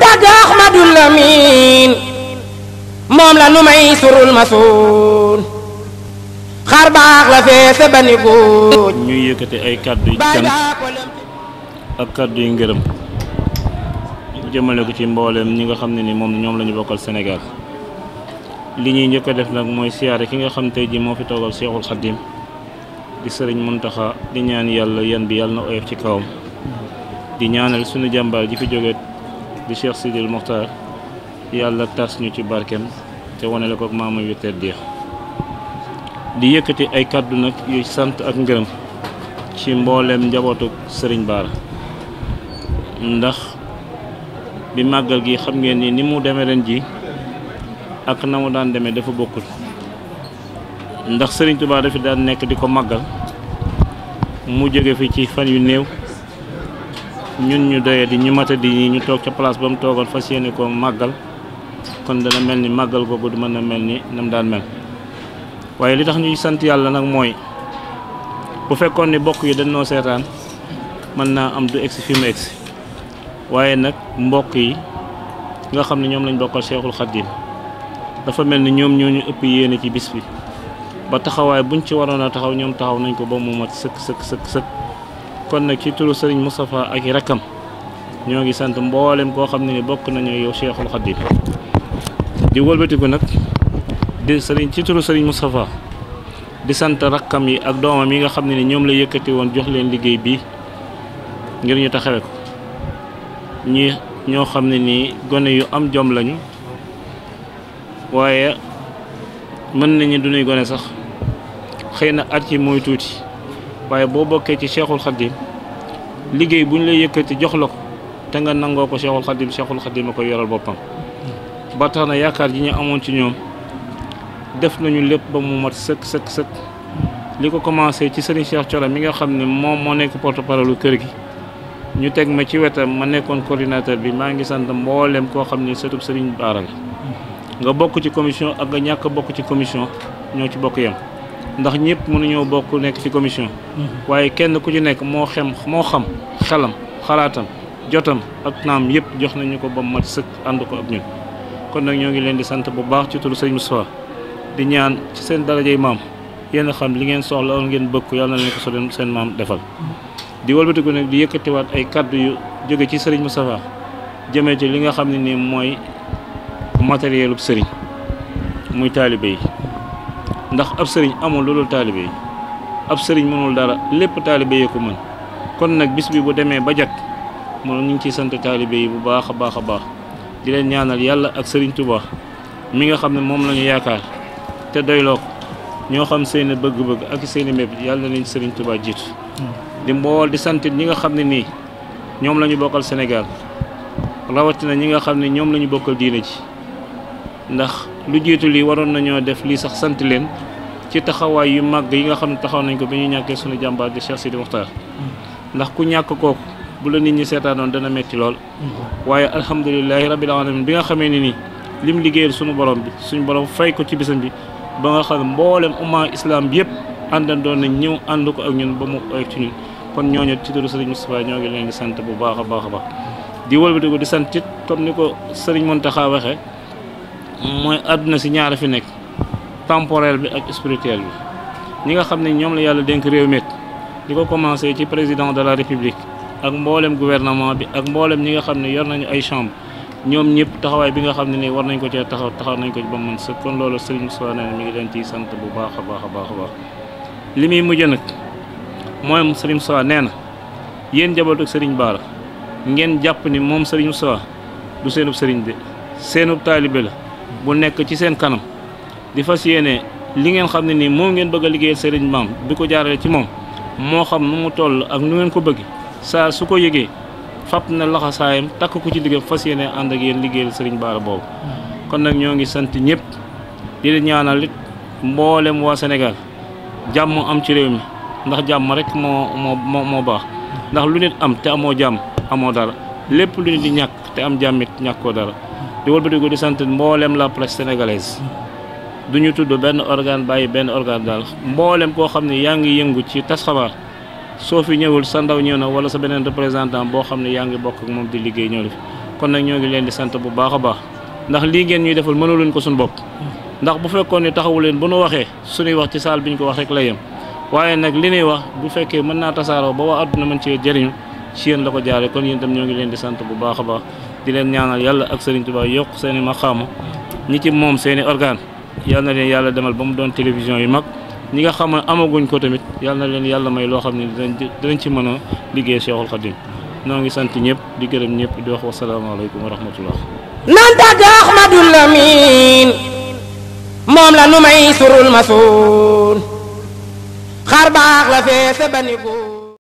tàgg Ahmadul Amin moom la nu may surul masuun xar baax la fee sa bani góor ñu yëkkati ay kàddu yu cant ak kàddu yu ngërëm jëmale ko ci mbooleem ñi nga xam ne ni moom ñoom lañu ñu bokkal Sénégal li ñuy njëkk def nag mooy siyaare ki nga xam tey ji moo fi toogal Seexul Xaddim di sëriñ Muntaxa di ñaan yàlla yan bi yàlla na oyof ci kawam di ñaanal suñu jàmbaar ji fi jógee bi Cheikh Sidil Muxtaar yàlla tas ñu ci barkeem te wane la ko maama yu teddeex di yëkkati ay kàddu nag yuy sant ak ngërëm ci mbooleem njabootu sëriñ Baara ndax bi màggal gi xam ngeen ni ni mu demee ren ji ak na mu daan demee dafa bokkul ndax sëriñ Tuubaa dafi daan nekk di ko màggal mu jóge fi ci fan yu néew ñun ñu doye di ñu mata di ñu toog ca place ba mu toogoon fas yéene ko màggal kon dana mel ni màggal googu du mën na mel ni nam daan mel waaye li tax ñuy sant yàlla nag mooy bu fekkoon ni bokk yi dañ noo seetaan mën naa am du egsi fi mu egsi waaye nag mbokk yi nga xam ne ñoom lañ bokkal xat yi dafa mel ni ñoom ñoo ñu ëpp yéene ci bis bi ba taxawaay buñ ci waroon a taxaw ñoom taxaw nañ ko ba mu mat sëkk sëkk sëkk sëkk kon nag ci turu sëriñ Moustapha ak i rakkam ñoo ngi sant mboolem koo xam ne ni bokk nañu yow Cheikhul Khadim di wëlbatiku nag di sëriñ ci turu sëriñ Moustapha di sant rakkam yi ak doomam yi nga xam ne ni ñoom la yëkkati woon jox leen liggéey bii ngir ñu taxawe ko ñii ñoo xam ne nii gone yu am jom lañu waaye mën nañu du ñuy gone sax xëy na at yi mooy tuuti waaye boo bokkee ci cheikhul xadim liggéey bu ñu lay yëkkati jox la ko te nga nangoo ko cheikhul xadim cheikhul xadim a ko yoral boppam ba tax na yaakaar ji ñu amoon ci ñoom def nañu lépp ba mu mat sëkk sëkk sëkk li ko commencé ci sëriñ Cheikh Thioro mi nga xam ne moom moo nekk porte parole kër gi ñu teg ma ci wetam ma nekkoon coordinateur bi maa ngi sant mboolem koo xam ne sëtub sëriñ Baara la nga bokk ci commission ak nga ñàkk bokk ci commission ñoo ci bokk yam ndax ñëpp mënuñoo bokk nekk ci commission. Mhm. waaye kenn ku ci nekk moo xem moo xam xelam xalaatam jotam ak naam yëpp jox nañu ko ba mat sëkk ànd ko ak ñun. kon nag ñoo ngi leen di sant bu baax ci turu sëñ Moustapha di ñaan ci seen darajay maam yéen xam li ngeen soxla woon ngeen bëgg yàlla na leen ko soleen seen maam defal. Mhm. di walbatiku nag di yëkkatiwaat ay kàddu yu jóge ci sëriñ Moustapha jëmee ci li nga xam ne nii mooy matérielu sëriñ muy taalibe yi. ndax ab sëriñ amul loolu taalibe yi ab sëriñ mënul dara lépp taalibe yi ko mën kon nag bis bi bu demee ba jag moom ñu ngi ciy sant taalibe yi bu baax a baax a baax di leen ñaanal yàlla ak sëriñ Tuubaa mi nga xam ne moom lañu yaakaar te doyloo ko ñoo xam seen bëgg-bëgg ak seeni i yàlla nañ sëriñ tubaa jiitu. di mbool di sant ñi nga xam ne nii ñoom la ñu bokkal Sénégal rawatina ñi nga xam ne ñoom lañu ñu bokkal diine ji. ndax lu jiitu lii waroon nañoo def lii sax sant leen ci taxawaay yu màgg yi nga xam ne taxaw nañ ko bi ñuy ñàkkee suñu jàmbaar di Cheikh Sidi Mokhtar ndax ku ñàkk kooku bu la nit ñi seetaanoon dana metti lool waaye alhamdulilahi rabbil alamin bi nga xamee ne nii lim liggéeyal sunu borom bi suñu borom fay ko ci bisam bi ba nga xam mboolem umma islam bi yëpp àndandoon nañ ñëw ànd ko ak ñun ba mu oyof ci ñun kon ñooñu ci turu Serigne Moustapha ñoo ngi leen sant bu baax a baax a baax di wëlbatiku di sant it comme ni ko Serigne Mountakha waxee mooy àdduna si ñaar a fi nekk temporel bi ak spirituel bi ñi nga xam ne ñoom la yàlla dénk réew métt di ko commencé ci président de la république ak mboolem gouvernement bi ak mboolem ñi nga xam ne yor nañu ay chambre ñoom ñëpp taxawaay bi nga xam ne nii war nañ ko cee taxaw taxaw nañ ko ci ba mën sa kon loolu sëriñ Moussa nee mi ngi leen ciy sant bu baax a baax a a baax li muy mujj nag mooy sëriñ Moussa nee na yéen jabootu sëriñ Bara ngeen jàpp ni moom sëriñ Moussa du seenub sëriñ de seenub taalibe la bu nekk ci seen kanam di fas yéene li ngeen xam ne nii moo ngeen bëgg a liggéeyal sëriñ maam di ko jaaralee ci moom moo xam nu mu toll ak nu ngeen ko bëgge saa su ko yëgee fab na laxasaayam takk ko ci liggéeyam fas yéene ànd ak yéen liggéeyal sëriñ baara boobu kon nag ñoo ngi sant ñëpp di la ñaanal mboolem waa Sénégal jàmm am ci réew mi ndax jàmm rek moo moo moo baax ndax lu nit am te amoo jàmm amoo dara lépp lu nit di ñàkk te am jàmmit ñàkkoo dara di wëlbatiku di sant mboolem la presse sénégalaise du ñu tudd benn organe bàyyi benn organe daal mbooleem koo xam ne yaa ngi yëngu ci tas xabaar soo fi ñëwul sa ndaw ñëw na wala sa beneen représentant boo xam ne yaa ngi bokk ak moom di liggéey ñëw fi kon nag ñoo ngi leen di sant bu baax a baax ndax lii ngeen ñuy deful defal mënuluñ ko suñu bopp. ndax bu fekkoon ne taxawu leen bu nu waxee suñuy wax ci saal bi ñu ko wax rek la yam waaye nag li ñuy wax bu fekkee mën naa tasaaroo ba waa àdduna mën cee jëriñu ci yéen la ko jaaree kon yéen tam ñoo ngi leen di sant bu baax a baax di leen ñaanal yàlla ak Serigne Touba yokk seen i maqaama ñi ci moom seen i organe yàlla na leen yàlla demal ba mu doon télévision yu mag ñi nga xam ne amaguñ ko tamit yàlla na leen yàlla may loo xam ne dinañ ci mën a liggéey Cheikhul Khadim noo ngi sant ñëpp di gërëm ñëpp di wax wasalaamaaleykum wa rahmatullah nan tàgg Ahmadul Amin moom la nu may surul masuun xar baax la fee sa baniku